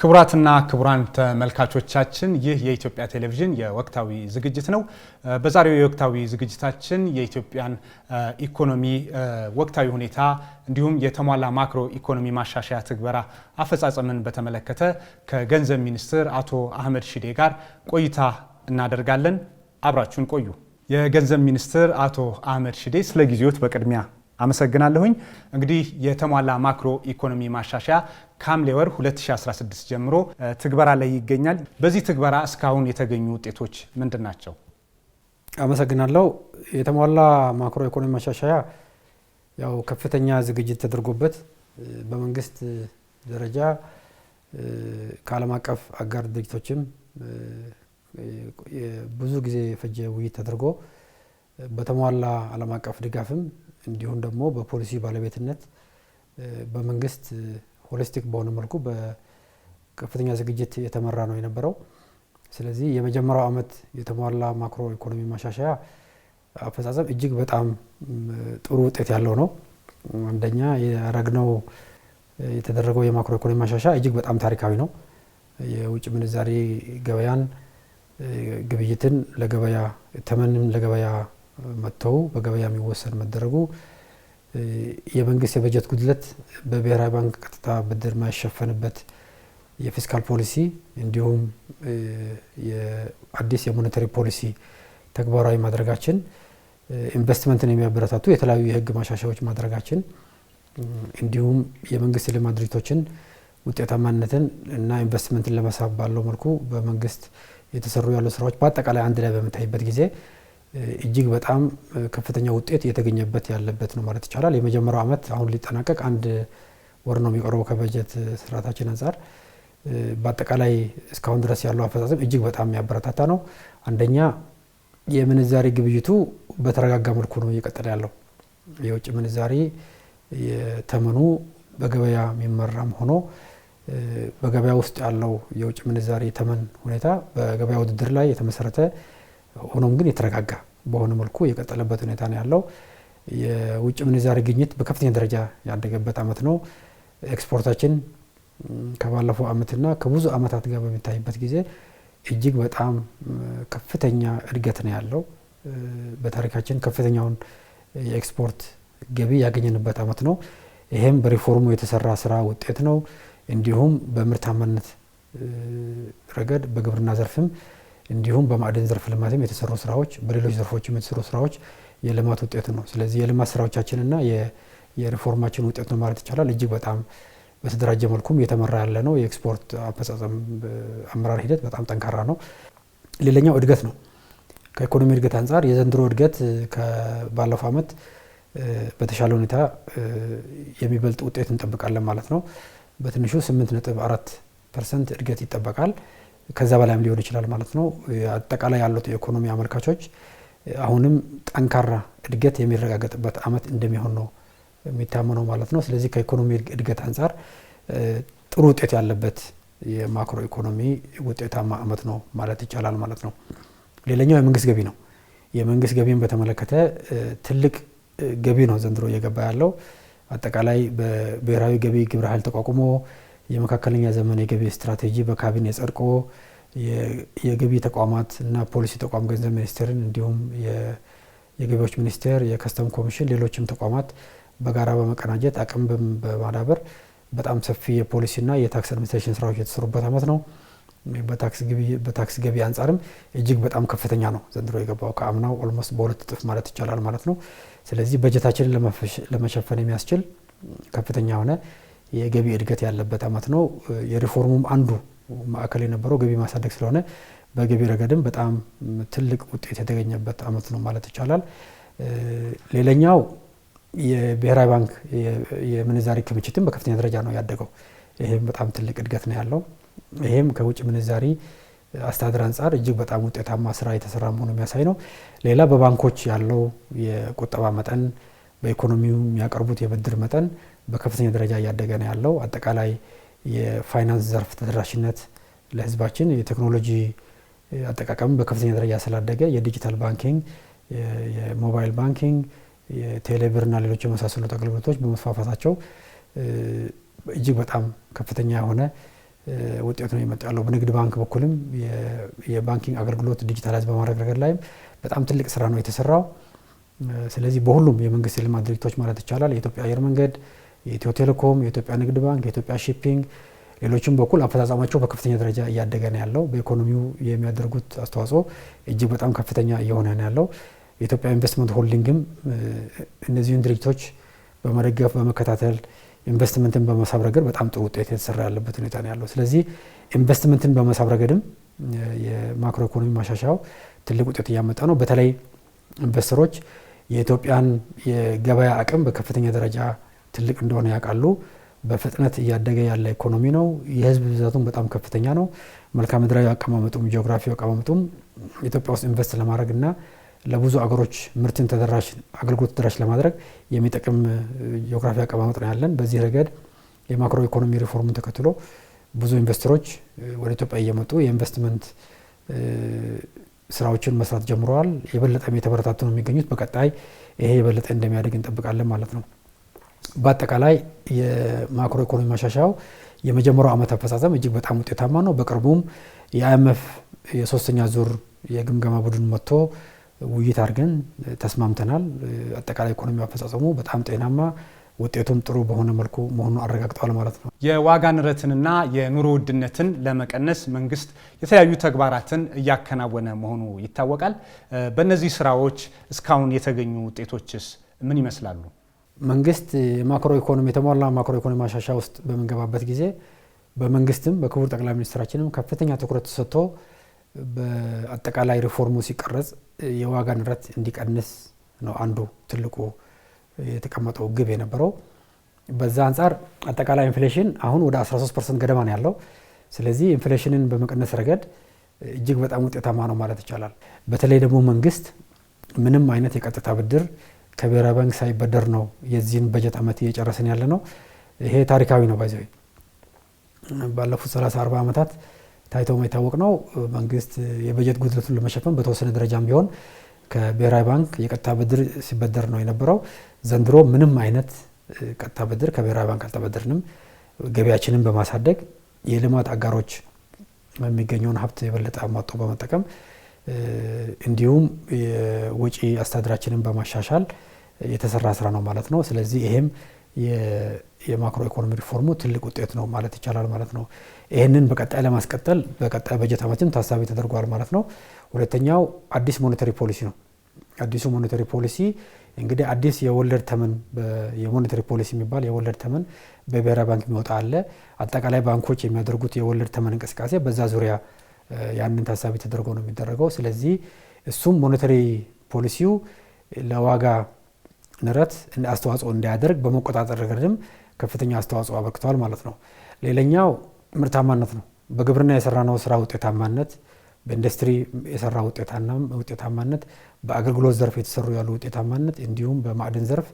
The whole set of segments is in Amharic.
ክቡራትና ክቡራን ተመልካቾቻችን ይህ የኢትዮጵያ ቴሌቪዥን የወቅታዊ ዝግጅት ነው። በዛሬው የወቅታዊ ዝግጅታችን የኢትዮጵያን ኢኮኖሚ ወቅታዊ ሁኔታ እንዲሁም የተሟላ ማክሮ ኢኮኖሚ ማሻሻያ ትግበራ አፈጻጸምን በተመለከተ ከገንዘብ ሚኒስትር አቶ አህመድ ሺዴ ጋር ቆይታ እናደርጋለን። አብራችሁን ቆዩ። የገንዘብ ሚኒስትር አቶ አህመድ ሺዴ ስለ ጊዜዎት በቅድሚያ አመሰግናለሁኝ። እንግዲህ የተሟላ ማክሮ ኢኮኖሚ ማሻሻያ ከሐምሌ ወር 2016 ጀምሮ ትግበራ ላይ ይገኛል። በዚህ ትግበራ እስካሁን የተገኙ ውጤቶች ምንድን ናቸው? አመሰግናለሁ። የተሟላ ማክሮ ኢኮኖሚ ማሻሻያ ያው ከፍተኛ ዝግጅት ተደርጎበት በመንግስት ደረጃ ከዓለም አቀፍ አጋር ድርጅቶችም ብዙ ጊዜ የፈጀ ውይይት ተደርጎ በተሟላ ዓለም አቀፍ ድጋፍም እንዲሁም ደግሞ በፖሊሲ ባለቤትነት በመንግስት ሆሊስቲክ በሆነ መልኩ በከፍተኛ ዝግጅት የተመራ ነው የነበረው። ስለዚህ የመጀመሪያው ዓመት የተሟላ ማክሮ ኢኮኖሚ ማሻሻያ አፈጻጸም እጅግ በጣም ጥሩ ውጤት ያለው ነው። አንደኛ ያረግነው የተደረገው የማክሮ ኢኮኖሚ ማሻሻያ እጅግ በጣም ታሪካዊ ነው። የውጭ ምንዛሬ ገበያን ግብይትን ለገበያ ተመንም ለገበያ መጥተው በገበያ የሚወሰድ መደረጉ የመንግስት የበጀት ጉድለት በብሔራዊ ባንክ ቀጥታ ብድር የማይሸፈንበት የፊስካል ፖሊሲ እንዲሁም አዲስ የሞኔታሪ ፖሊሲ ተግባራዊ ማድረጋችን ኢንቨስትመንትን የሚያበረታቱ የተለያዩ የህግ ማሻሻዎች ማድረጋችን እንዲሁም የመንግስት ልማት ድርጅቶችን ውጤታማነትን እና ኢንቨስትመንትን ለመሳብ ባለው መልኩ በመንግስት የተሰሩ ያሉ ስራዎች በአጠቃላይ አንድ ላይ በምታይበት ጊዜ እጅግ በጣም ከፍተኛ ውጤት እየተገኘበት ያለበት ነው ማለት ይቻላል። የመጀመሪያው ዓመት አሁን ሊጠናቀቅ አንድ ወር ነው የሚቀረው ከበጀት ስርዓታችን አንጻር በአጠቃላይ እስካሁን ድረስ ያለው አፈጻጸም እጅግ በጣም የሚያበረታታ ነው። አንደኛ የምንዛሬ ግብይቱ በተረጋጋ መልኩ ነው እየቀጠለ ያለው። የውጭ ምንዛሬ ተመኑ በገበያ የሚመራም ሆኖ በገበያ ውስጥ ያለው የውጭ ምንዛሬ ተመን ሁኔታ በገበያ ውድድር ላይ የተመሰረተ ሆኖም ግን የተረጋጋ በሆነ መልኩ የቀጠለበት ሁኔታ ነው ያለው። የውጭ ምንዛሪ ግኝት በከፍተኛ ደረጃ ያደገበት አመት ነው። ኤክስፖርታችን ከባለፈው አመትና ከብዙ አመታት ጋር በሚታይበት ጊዜ እጅግ በጣም ከፍተኛ እድገት ነው ያለው። በታሪካችን ከፍተኛውን የኤክስፖርት ገቢ ያገኘንበት አመት ነው። ይሄም በሪፎርሙ የተሰራ ስራ ውጤት ነው። እንዲሁም በምርታማነት ረገድ በግብርና ዘርፍም እንዲሁም በማዕድን ዘርፍ ልማትም የተሰሩ ስራዎች፣ በሌሎች ዘርፎችም የተሰሩ ስራዎች የልማት ውጤት ነው። ስለዚህ የልማት ስራዎቻችንና የሪፎርማችን ውጤት ነው ማለት ይቻላል። እጅግ በጣም በተደራጀ መልኩም እየተመራ ያለ ነው። የኤክስፖርት አፈጻጸም አመራር ሂደት በጣም ጠንካራ ነው። ሌላኛው እድገት ነው። ከኢኮኖሚ እድገት አንጻር የዘንድሮ እድገት ባለፈው ዓመት በተሻለ ሁኔታ የሚበልጥ ውጤት እንጠብቃለን ማለት ነው። በትንሹ 8 ነጥብ 4 ፐርሰንት እድገት ይጠበቃል። ከዛ በላይም ሊሆን ይችላል ማለት ነው። አጠቃላይ ያሉት የኢኮኖሚ አመልካቾች አሁንም ጠንካራ እድገት የሚረጋገጥበት አመት እንደሚሆን ነው የሚታመነው ማለት ነው። ስለዚህ ከኢኮኖሚ እድገት አንጻር ጥሩ ውጤት ያለበት የማክሮ ኢኮኖሚ ውጤታማ አመት ነው ማለት ይቻላል ማለት ነው። ሌላኛው የመንግስት ገቢ ነው። የመንግስት ገቢን በተመለከተ ትልቅ ገቢ ነው ዘንድሮ እየገባ ያለው አጠቃላይ በብሔራዊ ገቢ ግብረ ኃይል ተቋቁሞ የመካከለኛ ዘመን የገቢ ስትራቴጂ በካቢኔ ጸድቆ የገቢ ተቋማት እና ፖሊሲ ተቋም ገንዘብ ሚኒስቴርን እንዲሁም የገቢዎች ሚኒስቴር፣ የከስተም ኮሚሽን፣ ሌሎችም ተቋማት በጋራ በመቀናጀት አቅም በማዳበር በጣም ሰፊ የፖሊሲና የታክስ አድሚኒስትሬሽን ስራዎች የተሰሩበት ዓመት ነው። በታክስ ገቢ አንጻርም እጅግ በጣም ከፍተኛ ነው ዘንድሮ የገባው ከአምናው ኦልሞስት በሁለት እጥፍ ማለት ይቻላል ማለት ነው። ስለዚህ በጀታችንን ለመሸፈን የሚያስችል ከፍተኛ የሆነ የገቢ እድገት ያለበት ዓመት ነው። የሪፎርሙም አንዱ ማዕከል የነበረው ገቢ ማሳደግ ስለሆነ በገቢ ረገድም በጣም ትልቅ ውጤት የተገኘበት ዓመት ነው ማለት ይቻላል። ሌላኛው የብሔራዊ ባንክ የምንዛሪ ክምችትም በከፍተኛ ደረጃ ነው ያደገው። ይህም በጣም ትልቅ እድገት ነው ያለው። ይህም ከውጭ ምንዛሪ አስተዳደር አንጻር እጅግ በጣም ውጤታማ ስራ የተሰራ መሆኑ የሚያሳይ ነው። ሌላ በባንኮች ያለው የቁጠባ መጠን፣ በኢኮኖሚው የሚያቀርቡት የብድር መጠን በከፍተኛ ደረጃ እያደገ ነው ያለው። አጠቃላይ የፋይናንስ ዘርፍ ተደራሽነት ለህዝባችን የቴክኖሎጂ አጠቃቀም በከፍተኛ ደረጃ ስላደገ የዲጂታል ባንኪንግ፣ የሞባይል ባንኪንግ፣ የቴሌብርና ሌሎች የመሳሰሉት አገልግሎቶች በመስፋፋታቸው እጅግ በጣም ከፍተኛ የሆነ ውጤት ነው የመጣ ያለው። በንግድ ባንክ በኩልም የባንኪንግ አገልግሎት ዲጂታላይዝ በማድረግ ረገድ ላይም በጣም ትልቅ ስራ ነው የተሰራው። ስለዚህ በሁሉም የመንግስት የልማት ድርጅቶች ማለት ይቻላል የኢትዮጵያ አየር መንገድ የኢትዮ ቴሌኮም፣ የኢትዮጵያ ንግድ ባንክ፣ የኢትዮጵያ ሺፒንግ ሌሎችም በኩል አፈጻጸማቸው በከፍተኛ ደረጃ እያደገ ነው ያለው። በኢኮኖሚው የሚያደርጉት አስተዋጽኦ እጅግ በጣም ከፍተኛ እየሆነ ነው ያለው። የኢትዮጵያ ኢንቨስትመንት ሆልዲንግም እነዚህን ድርጅቶች በመደገፍ በመከታተል ኢንቨስትመንትን በመሳብ ረገድ በጣም ጥሩ ውጤት የተሰራ ያለበት ሁኔታ ነው ያለው። ስለዚህ ኢንቨስትመንትን በመሳብ ረገድም የማክሮ ኢኮኖሚ ማሻሻያው ትልቅ ውጤት እያመጣ ነው። በተለይ ኢንቨስተሮች የኢትዮጵያን የገበያ አቅም በከፍተኛ ደረጃ ትልቅ እንደሆነ ያውቃሉ። በፍጥነት እያደገ ያለ ኢኮኖሚ ነው። የህዝብ ብዛቱም በጣም ከፍተኛ ነው። መልክዓ ምድራዊ አቀማመጡም ጂኦግራፊው አቀማመጡም ኢትዮጵያ ውስጥ ኢንቨስት ለማድረግ እና ለብዙ አገሮች ምርትን ተደራሽ አገልግሎት ተደራሽ ለማድረግ የሚጠቅም ጂኦግራፊ አቀማመጥ ነው ያለን። በዚህ ረገድ የማክሮ ኢኮኖሚ ሪፎርሙን ተከትሎ ብዙ ኢንቨስተሮች ወደ ኢትዮጵያ እየመጡ የኢንቨስትመንት ስራዎችን መስራት ጀምረዋል። የበለጠም የተበረታቱ ነው የሚገኙት። በቀጣይ ይሄ የበለጠ እንደሚያደግ እንጠብቃለን ማለት ነው። በአጠቃላይ የማክሮ ኢኮኖሚ ማሻሻያው የመጀመሪያው ዓመት አፈጻጸም እጅግ በጣም ውጤታማ ነው። በቅርቡም የአይኤምኤፍ የሶስተኛ ዙር የግምገማ ቡድን መጥቶ ውይይት አድርገን ተስማምተናል። አጠቃላይ ኢኮኖሚ አፈጻጸሙ በጣም ጤናማ ውጤቱም ጥሩ በሆነ መልኩ መሆኑን አረጋግጠዋል ማለት ነው። የዋጋ ንረትንና የኑሮ ውድነትን ለመቀነስ መንግስት የተለያዩ ተግባራትን እያከናወነ መሆኑ ይታወቃል። በእነዚህ ስራዎች እስካሁን የተገኙ ውጤቶችስ ምን ይመስላሉ? መንግስት የማክሮ ኢኮኖሚ የተሟላ ማክሮ ኢኮኖሚ ማሻሻ ውስጥ በምንገባበት ጊዜ በመንግስትም በክቡር ጠቅላይ ሚኒስትራችንም ከፍተኛ ትኩረት ተሰጥቶ በአጠቃላይ ሪፎርሙ ሲቀረጽ የዋጋ ንረት እንዲቀንስ ነው አንዱ ትልቁ የተቀመጠው ግብ የነበረው። በዛ አንጻር አጠቃላይ ኢንፍሌሽን አሁን ወደ 13 ፐርሰንት ገደማ ነው ያለው። ስለዚህ ኢንፍሌሽንን በመቀነስ ረገድ እጅግ በጣም ውጤታማ ነው ማለት ይቻላል። በተለይ ደግሞ መንግስት ምንም አይነት የቀጥታ ብድር ከብሔራዊ ባንክ ሳይበደር ነው የዚህን በጀት ዓመት እየጨረስን ያለ ነው። ይሄ ታሪካዊ ነው። ባይዘ ባለፉት 30 40 ዓመታት ታይቶ የማይታወቅ ነው። መንግስት የበጀት ጉድለቱን ለመሸፈን በተወሰነ ደረጃም ቢሆን ከብሔራዊ ባንክ የቀጥታ ብድር ሲበደር ነው የነበረው። ዘንድሮ ምንም አይነት ቀጥታ ብድር ከብሔራዊ ባንክ አልተበደርንም። ገቢያችንን በማሳደግ የልማት አጋሮች የሚገኘውን ሀብት የበለጠ አሟጦ በመጠቀም እንዲሁም የወጪ አስተዳደራችንን በማሻሻል የተሰራ ስራ ነው ማለት ነው። ስለዚህ ይሄም የማክሮ ኢኮኖሚ ሪፎርሙ ትልቅ ውጤት ነው ማለት ይቻላል ማለት ነው። ይህንን በቀጣይ ለማስቀጠል በቀጣይ በጀት ዓመትም ታሳቢ ተደርጓል ማለት ነው። ሁለተኛው አዲስ ሞኔታሪ ፖሊሲ ነው። አዲሱ ሞኔታሪ ፖሊሲ እንግዲህ አዲስ የወለድ ተመን የሞኔታሪ ፖሊሲ የሚባል የወለድ ተመን በብሔራዊ ባንክ የሚወጣ አለ። አጠቃላይ ባንኮች የሚያደርጉት የወለድ ተመን እንቅስቃሴ በዛ ዙሪያ ያንን ታሳቢ ተደርጎ ነው የሚደረገው። ስለዚህ እሱም ሞኔታሪ ፖሊሲው ለዋጋ ንረት አስተዋጽኦ እንዳያደርግ በመቆጣጠር ረገድም ከፍተኛ አስተዋጽኦ አበርክተዋል ማለት ነው። ሌላኛው ምርታማነት ነው። በግብርና የሰራነው ስራ ውጤታማነት፣ በኢንዱስትሪ የሰራ ውጤታማነት፣ በአገልግሎት ዘርፍ የተሰሩ ያሉ ውጤታማነት እንዲሁም በማዕድን ዘርፍ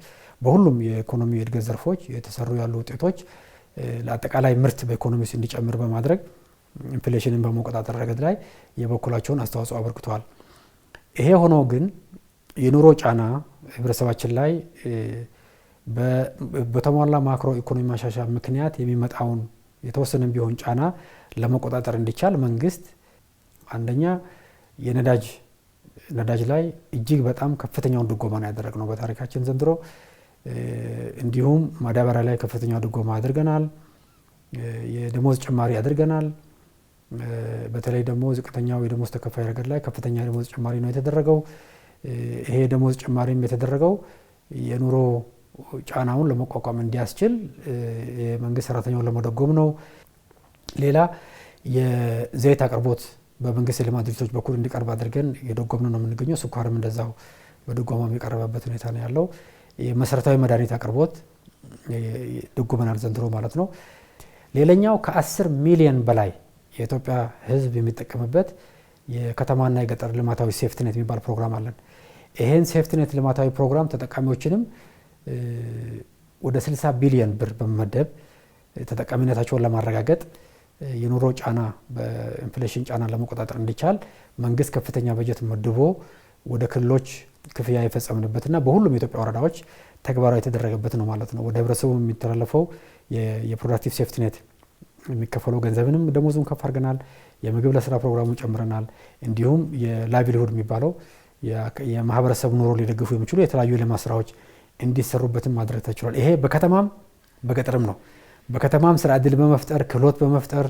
በሁሉም የኢኮኖሚ እድገት ዘርፎች የተሰሩ ያሉ ውጤቶች ለአጠቃላይ ምርት በኢኮኖሚ ውስጥ እንዲጨምር በማድረግ ኢንፍሌሽንን በመቆጣጠር ረገድ ላይ የበኩላቸውን አስተዋጽኦ አበርክተዋል። ይሄ ሆኖ ግን የኑሮ ጫና ህብረተሰባችን ላይ በተሟላ ማክሮ ኢኮኖሚ ማሻሻያ ምክንያት የሚመጣውን የተወሰነ ቢሆን ጫና ለመቆጣጠር እንዲቻል መንግስት አንደኛ የነዳጅ ነዳጅ ላይ እጅግ በጣም ከፍተኛውን ድጎማ ነው ያደረግነው በታሪካችን ዘንድሮ። እንዲሁም ማዳበሪያ ላይ ከፍተኛ ድጎማ አድርገናል። የደሞዝ ጭማሪ አድርገናል። በተለይ ደግሞ ዝቅተኛው የደሞዝ ተከፋይ ረገድ ላይ ከፍተኛ የደሞዝ ጭማሪ ነው የተደረገው። ይሄ ደሞዝ ጭማሪም የተደረገው የኑሮ ጫናውን ለመቋቋም እንዲያስችል የመንግስት ሰራተኛውን ለመደጎም ነው። ሌላ የዘይት አቅርቦት በመንግስት የልማት ድርጅቶች በኩል እንዲቀርብ አድርገን የደጎምን ነው የምንገኘው። ስኳርም እንደዛው በድጎማም የቀረበበት ሁኔታ ነው ያለው። የመሰረታዊ መድኃኒት አቅርቦት ድጎመናል ዘንድሮ ማለት ነው። ሌላኛው ከ10 ሚሊዮን በላይ የኢትዮጵያ ሕዝብ የሚጠቀምበት የከተማና የገጠር ልማታዊ ሴፍትኔት የሚባል ፕሮግራም አለን። ይሄን ሴፍትኔት ልማታዊ ፕሮግራም ተጠቃሚዎችንም ወደ 60 ቢሊዮን ብር በመመደብ ተጠቃሚነታቸውን ለማረጋገጥ የኑሮ ጫና በኢንፍሌሽን ጫና ለመቆጣጠር እንዲቻል መንግስት ከፍተኛ በጀት መድቦ ወደ ክልሎች ክፍያ የፈጸምንበትና በሁሉም የኢትዮጵያ ወረዳዎች ተግባራዊ የተደረገበት ነው ማለት ነው። ወደ ህብረተሰቡ የሚተላለፈው የፕሮዳክቲቭ ሴፍትኔት የሚከፈለው ገንዘብንም ደሞዙን ከፍ አድርገናል። የምግብ ለስራ ፕሮግራሙን ጨምረናል። እንዲሁም የላይቭሊሁድ የሚባለው የማህበረሰብ ኑሮ ሊደግፉ የሚችሉ የተለያዩ ልማት ስራዎች እንዲሰሩበትም ማድረግ ተችሏል። ይሄ በከተማም በገጠርም ነው። በከተማም ስራ እድል በመፍጠር ክህሎት በመፍጠር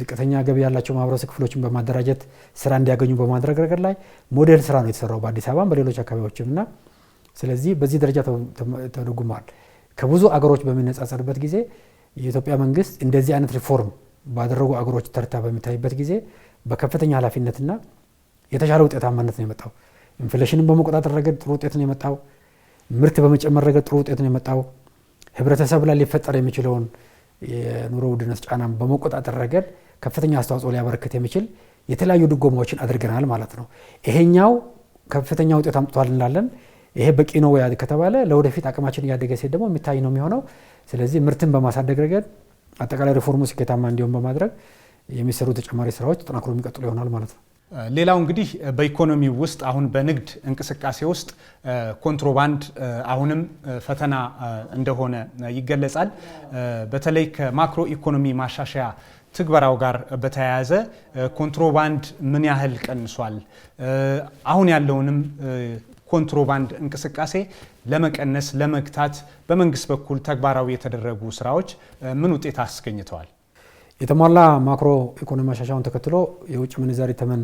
ዝቅተኛ ገቢ ያላቸው ማህበረሰብ ክፍሎችን በማደራጀት ስራ እንዲያገኙ በማድረግ ረገድ ላይ ሞዴል ስራ ነው የተሰራው በአዲስ አበባም በሌሎች አካባቢዎችም እና ስለዚህ በዚህ ደረጃ ተደጉሟል። ከብዙ አገሮች በሚነጻጸርበት ጊዜ የኢትዮጵያ መንግስት እንደዚህ አይነት ሪፎርም ባደረጉ አገሮች ተርታ በሚታይበት ጊዜ በከፍተኛ ኃላፊነትና የተሻለ ውጤታማነት ነው የመጣው። ኢንፍሌሽንን በመቆጣጠር ረገድ ጥሩ ውጤት ነው የመጣው። ምርት በመጨመር ረገድ ጥሩ ውጤት ነው የመጣው። ህብረተሰብ ላይ ሊፈጠር የሚችለውን የኑሮ ውድነት ጫና በመቆጣጠር ረገድ ከፍተኛ አስተዋጽኦ ሊያበረክት የሚችል የተለያዩ ድጎማዎችን አድርገናል ማለት ነው። ይሄኛው ከፍተኛ ውጤት አምጥቷል እንላለን። ይሄ በቂ ነው ወይ ከተባለ ለወደፊት አቅማችን እያደገ ሲሄድ ደግሞ የሚታይ ነው የሚሆነው። ስለዚህ ምርትን በማሳደግ ረገድ አጠቃላይ ሪፎርሙ ስኬታማ እንዲሆን በማድረግ የሚሰሩ ተጨማሪ ስራዎች ተጠናክሮ የሚቀጥሉ ይሆናል ማለት ነው። ሌላው እንግዲህ በኢኮኖሚ ውስጥ አሁን በንግድ እንቅስቃሴ ውስጥ ኮንትሮባንድ አሁንም ፈተና እንደሆነ ይገለጻል። በተለይ ከማክሮ ኢኮኖሚ ማሻሻያ ትግበራው ጋር በተያያዘ ኮንትሮባንድ ምን ያህል ቀንሷል? አሁን ያለውንም ኮንትሮባንድ እንቅስቃሴ ለመቀነስ ለመግታት በመንግስት በኩል ተግባራዊ የተደረጉ ስራዎች ምን ውጤት አስገኝተዋል? የተሟላ ማክሮ ኢኮኖሚ ማሻሻውን ተከትሎ የውጭ ምንዛሪ ተመን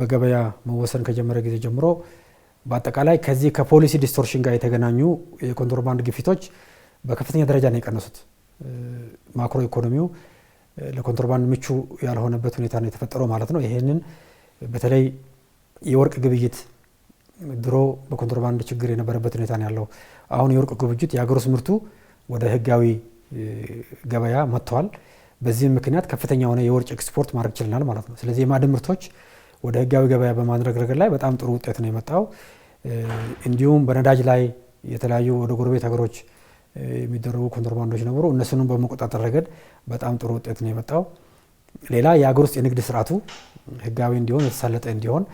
በገበያ መወሰን ከጀመረ ጊዜ ጀምሮ በአጠቃላይ ከዚህ ከፖሊሲ ዲስቶርሽን ጋር የተገናኙ የኮንትሮባንድ ግፊቶች በከፍተኛ ደረጃ ነው የቀነሱት። ማክሮ ኢኮኖሚው ለኮንትሮባንድ ምቹ ያልሆነበት ሁኔታ ነው የተፈጠረው ማለት ነው። ይህንን በተለይ የወርቅ ግብይት ድሮ በኮንትሮባንድ ችግር የነበረበት ሁኔታ ነው ያለው። አሁን የወርቅ ግብይት የሀገር ውስጥ ምርቱ ወደ ህጋዊ ገበያ መጥተዋል። በዚህም ምክንያት ከፍተኛ የሆነ የወርጭ ኤክስፖርት ማድረግ ችለናል ማለት ነው። ስለዚህ የማዕድን ምርቶች ወደ ህጋዊ ገበያ በማድረግ ረገድ ላይ በጣም ጥሩ ውጤት ነው የመጣው። እንዲሁም በነዳጅ ላይ የተለያዩ ወደ ጎረቤት ሀገሮች የሚደረጉ ኮንትሮባንዶች ነበሩ። እነሱንም በመቆጣጠር ረገድ በጣም ጥሩ ውጤት ነው የመጣው። ሌላ የሀገር ውስጥ የንግድ ስርዓቱ ህጋዊ እንዲሆን የተሳለጠ እንዲሆን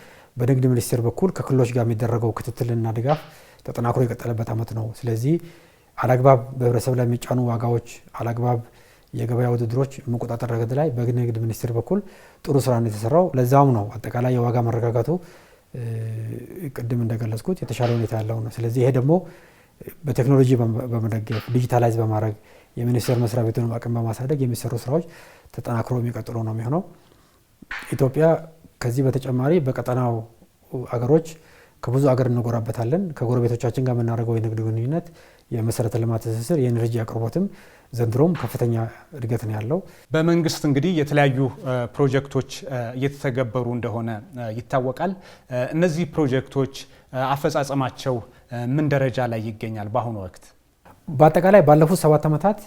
በንግድ ሚኒስቴር በኩል ከክልሎች ጋር የሚደረገው ክትትልና ድጋፍ ተጠናክሮ የቀጠለበት ዓመት ነው። ስለዚህ አላግባብ በህብረተሰብ ላይ የሚጫኑ ዋጋዎች አላግባብ የገበያ ውድድሮች መቆጣጠር ረገድ ላይ በንግድ ሚኒስቴር በኩል ጥሩ ስራ ነው የተሰራው። ለዛም ነው አጠቃላይ የዋጋ መረጋጋቱ ቅድም እንደገለጽኩት የተሻለ ሁኔታ ያለው ነው። ስለዚህ ይሄ ደግሞ በቴክኖሎጂ በመደገፍ ዲጂታላይዝ በማድረግ የሚኒስቴር መስሪያ ቤቱን አቅም በማሳደግ የሚሰሩ ስራዎች ተጠናክሮ የሚቀጥሉ ነው የሚሆነው። ኢትዮጵያ ከዚህ በተጨማሪ በቀጠናው አገሮች ከብዙ አገር እንጎራበታለን። ከጎረቤቶቻችን ጋር የምናደርገው የንግድ ግንኙነት፣ የመሰረተ ልማት ትስስር፣ የኤነርጂ አቅርቦትም ዘንድሮም ከፍተኛ እድገት ነው ያለው። በመንግስት እንግዲህ የተለያዩ ፕሮጀክቶች እየተተገበሩ እንደሆነ ይታወቃል። እነዚህ ፕሮጀክቶች አፈጻጸማቸው ምን ደረጃ ላይ ይገኛል? በአሁኑ ወቅት በአጠቃላይ ባለፉት ሰባት ዓመታት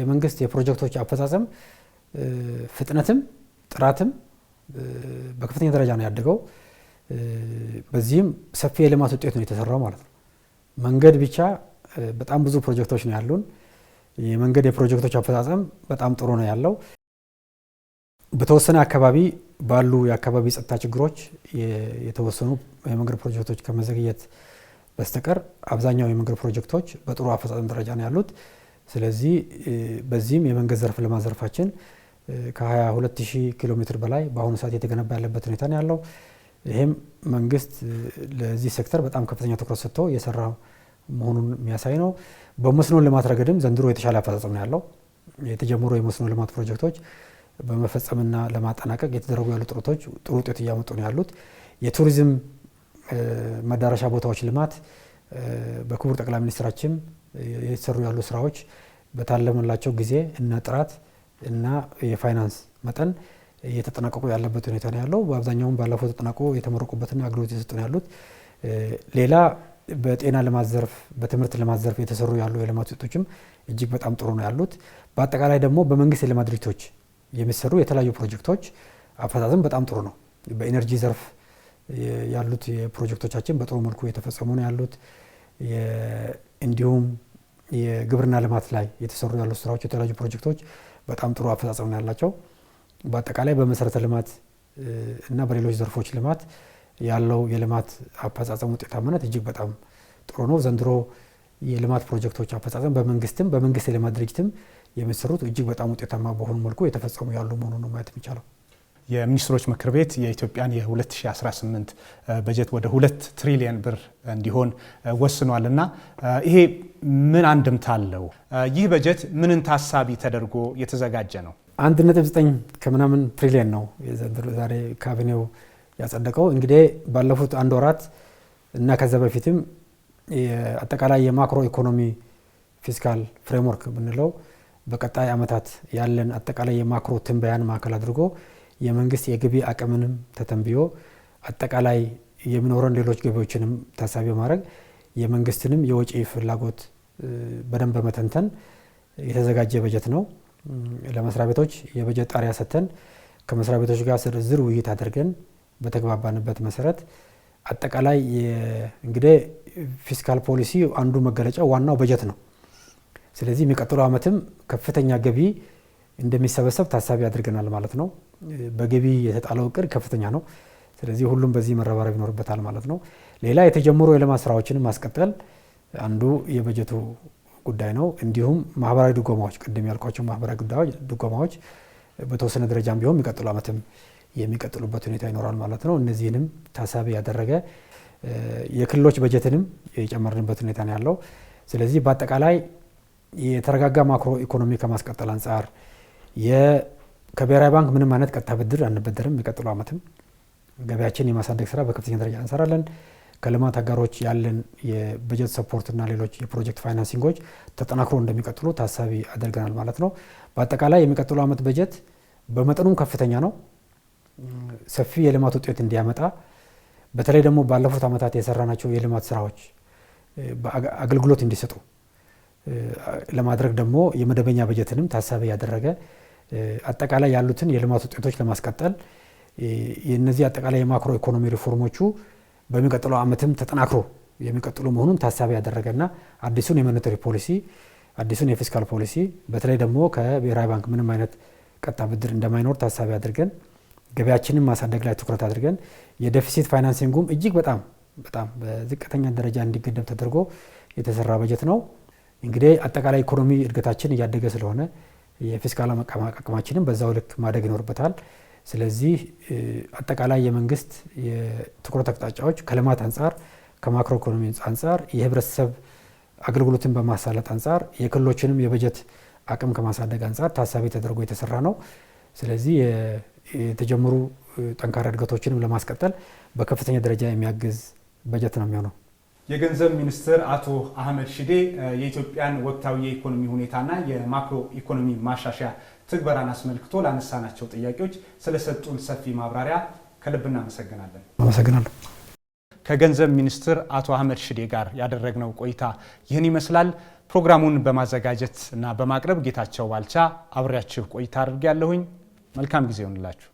የመንግስት የፕሮጀክቶች አፈጻጸም ፍጥነትም ጥራትም በከፍተኛ ደረጃ ነው ያደገው። በዚህም ሰፊ የልማት ውጤት ነው የተሰራው ማለት ነው። መንገድ ብቻ በጣም ብዙ ፕሮጀክቶች ነው ያሉን። የመንገድ የፕሮጀክቶች አፈጻጸም በጣም ጥሩ ነው ያለው። በተወሰነ አካባቢ ባሉ የአካባቢ ጸጥታ ችግሮች የተወሰኑ የመንገድ ፕሮጀክቶች ከመዘግየት በስተቀር አብዛኛው የመንገድ ፕሮጀክቶች በጥሩ አፈጻጸም ደረጃ ነው ያሉት። ስለዚህ በዚህም የመንገድ ዘርፍ ልማት ዘርፋችን ከ22000 ኪሎ ሜትር በላይ በአሁኑ ሰዓት የተገነባ ያለበት ሁኔታ ነው ያለው። ይህም መንግስት ለዚህ ሴክተር በጣም ከፍተኛ ትኩረት ሰጥቶ የሰራው መሆኑን የሚያሳይ ነው። በመስኖ ልማት ረገድም ዘንድሮ የተሻለ አፈጻጸም ነው ያለው። የተጀመሩ የመስኖ ልማት ፕሮጀክቶች በመፈጸምና ለማጠናቀቅ የተደረጉ ያሉ ጥረቶች ጥሩ ውጤት እያመጡ ነው ያሉት። የቱሪዝም መዳረሻ ቦታዎች ልማት በክቡር ጠቅላይ ሚኒስትራችን የተሰሩ ያሉ ስራዎች በታለመላቸው ጊዜ እና ጥራት እና የፋይናንስ መጠን እየተጠናቀቁ ያለበት ሁኔታ ነው ያለው። በአብዛኛውም ባለፈው ተጠናቆ የተመረቁበትና አገልግሎት የሰጡ ነው ያሉት። ሌላ በጤና ልማት ዘርፍ፣ በትምህርት ልማት ዘርፍ የተሰሩ ያሉ የልማት ውጤቶችም እጅግ በጣም ጥሩ ነው ያሉት። በአጠቃላይ ደግሞ በመንግስት የልማት ድርጅቶች የሚሰሩ የተለያዩ ፕሮጀክቶች አፈጻጸም በጣም ጥሩ ነው። በኢነርጂ ዘርፍ ያሉት የፕሮጀክቶቻችን በጥሩ መልኩ የተፈጸሙ ነው ያሉት። እንዲሁም የግብርና ልማት ላይ የተሰሩ ያሉት ስራዎች የተለያዩ ፕሮጀክቶች በጣም ጥሩ አፈጻጸም ነው ያላቸው። በአጠቃላይ በመሰረተ ልማት እና በሌሎች ዘርፎች ልማት ያለው የልማት አፈጻጸም ውጤታማነት እጅግ በጣም ጥሩ ነው። ዘንድሮ የልማት ፕሮጀክቶች አፈጻጸም በመንግስትም በመንግስት የልማት ድርጅትም የሚሰሩት እጅግ በጣም ውጤታማ በሆኑ መልኩ የተፈጸሙ ያሉ መሆኑን ነው ማየት የሚቻለው። የሚኒስትሮች ምክር ቤት የኢትዮጵያን የ2018 በጀት ወደ ሁለት ትሪሊየን ብር እንዲሆን ወስኗል እና ይሄ ምን አንድምታ አለው? ይህ በጀት ምንን ታሳቢ ተደርጎ የተዘጋጀ ነው? 1.9 ከምናምን ትሪሊየን ነው ዛሬ ካቢኔው ያጸደቀው። እንግዲህ ባለፉት አንድ ወራት እና ከዛ በፊትም አጠቃላይ የማክሮ ኢኮኖሚ ፊስካል ፍሬምወርክ ብንለው በቀጣይ ዓመታት ያለን አጠቃላይ የማክሮ ትንበያን ማዕከል አድርጎ የመንግስት የገቢ አቅምንም ተተንብዮ አጠቃላይ የሚኖረን ሌሎች ገቢዎችንም ታሳቢ በማድረግ የመንግስትንም የወጪ ፍላጎት በደንብ በመተንተን የተዘጋጀ በጀት ነው። ለመስሪያ ቤቶች የበጀት ጣሪያ ሰጥተን ከመስሪያ ቤቶች ጋር ዝርዝር ውይይት አድርገን በተግባባንበት መሰረት አጠቃላይ እንግዲህ ፊስካል ፖሊሲ አንዱ መገለጫ ዋናው በጀት ነው። ስለዚህ የሚቀጥለው ዓመትም ከፍተኛ ገቢ እንደሚሰበሰብ ታሳቢ አድርገናል ማለት ነው። በገቢ የተጣለው እቅድ ከፍተኛ ነው። ስለዚህ ሁሉም በዚህ መረባረብ ይኖርበታል ማለት ነው። ሌላ የተጀመሩ የልማት ስራዎችን ማስቀጠል አንዱ የበጀቱ ጉዳይ ነው። እንዲሁም ማህበራዊ ድጎማዎች፣ ቅድም ያልኳቸው ማህበራዊ ድጎማዎች በተወሰነ ደረጃም ቢሆን የሚቀጥለው ዓመትም የሚቀጥሉበት ሁኔታ ይኖራል ማለት ነው። እነዚህንም ታሳቢ ያደረገ የክልሎች በጀትንም የጨመርንበት ሁኔታ ነው ያለው። ስለዚህ በአጠቃላይ የተረጋጋ ማክሮ ኢኮኖሚ ከማስቀጠል አንጻር ከብሔራዊ ባንክ ምንም አይነት ቀጥታ ብድር አንበደርም። የሚቀጥለው ዓመትም ገቢያችን የማሳደግ ስራ በከፍተኛ ደረጃ እንሰራለን። ከልማት አጋሮች ያለን የበጀት ሰፖርትና ሌሎች የፕሮጀክት ፋይናንሲንጎች ተጠናክሮ እንደሚቀጥሉ ታሳቢ አድርገናል ማለት ነው። በአጠቃላይ የሚቀጥሉ ዓመት በጀት በመጠኑም ከፍተኛ ነው። ሰፊ የልማት ውጤት እንዲያመጣ በተለይ ደግሞ ባለፉት ዓመታት የሰራናቸው የልማት ስራዎች አገልግሎት እንዲሰጡ ለማድረግ ደግሞ የመደበኛ በጀትንም ታሳቢ ያደረገ አጠቃላይ ያሉትን የልማት ውጤቶች ለማስቀጠል የነዚህ አጠቃላይ የማክሮ ኢኮኖሚ ሪፎርሞቹ በሚቀጥለው ዓመትም ተጠናክሮ የሚቀጥሉ መሆኑን ታሳቢ ያደረገና አዲሱን የሞኔታሪ ፖሊሲ አዲሱን የፊስካል ፖሊሲ በተለይ ደግሞ ከብሔራዊ ባንክ ምንም አይነት ቀጥታ ብድር እንደማይኖር ታሳቢ አድርገን ገበያችንን ማሳደግ ላይ ትኩረት አድርገን የደፊሲት ፋይናንሲንጉም እጅግ በጣም በጣም በዝቅተኛ ደረጃ እንዲገደብ ተደርጎ የተሰራ በጀት ነው። እንግዲህ አጠቃላይ ኢኮኖሚ እድገታችን እያደገ ስለሆነ የፊስካል አቅማችንም በዛው ልክ ማደግ ይኖርበታል። ስለዚህ አጠቃላይ የመንግስት የትኩረት አቅጣጫዎች ከልማት አንጻር፣ ከማክሮ ኢኮኖሚ አንጻር፣ የህብረተሰብ አገልግሎትን በማሳለጥ አንጻር፣ የክልሎችንም የበጀት አቅም ከማሳደግ አንጻር ታሳቢ ተደርጎ የተሰራ ነው። ስለዚህ የተጀመሩ ጠንካራ እድገቶችንም ለማስቀጠል በከፍተኛ ደረጃ የሚያግዝ በጀት ነው የሚሆነው። የገንዘብ ሚኒስትር አቶ አህመድ ሽዴ የኢትዮጵያን ወቅታዊ የኢኮኖሚ ሁኔታና የማክሮ ኢኮኖሚ ማሻሻያ ትግበራን አስመልክቶ ላነሳናቸው ጥያቄዎች ስለሰጡን ሰፊ ማብራሪያ ከልብ እናመሰግናለን። አመሰግናለሁ። ከገንዘብ ሚኒስትር አቶ አህመድ ሽዴ ጋር ያደረግነው ቆይታ ይህን ይመስላል። ፕሮግራሙን በማዘጋጀት እና በማቅረብ ጌታቸው ባልቻ አብሬያችሁ ቆይታ አድርጌ ያለሁኝ። መልካም ጊዜ ይሆንላችሁ።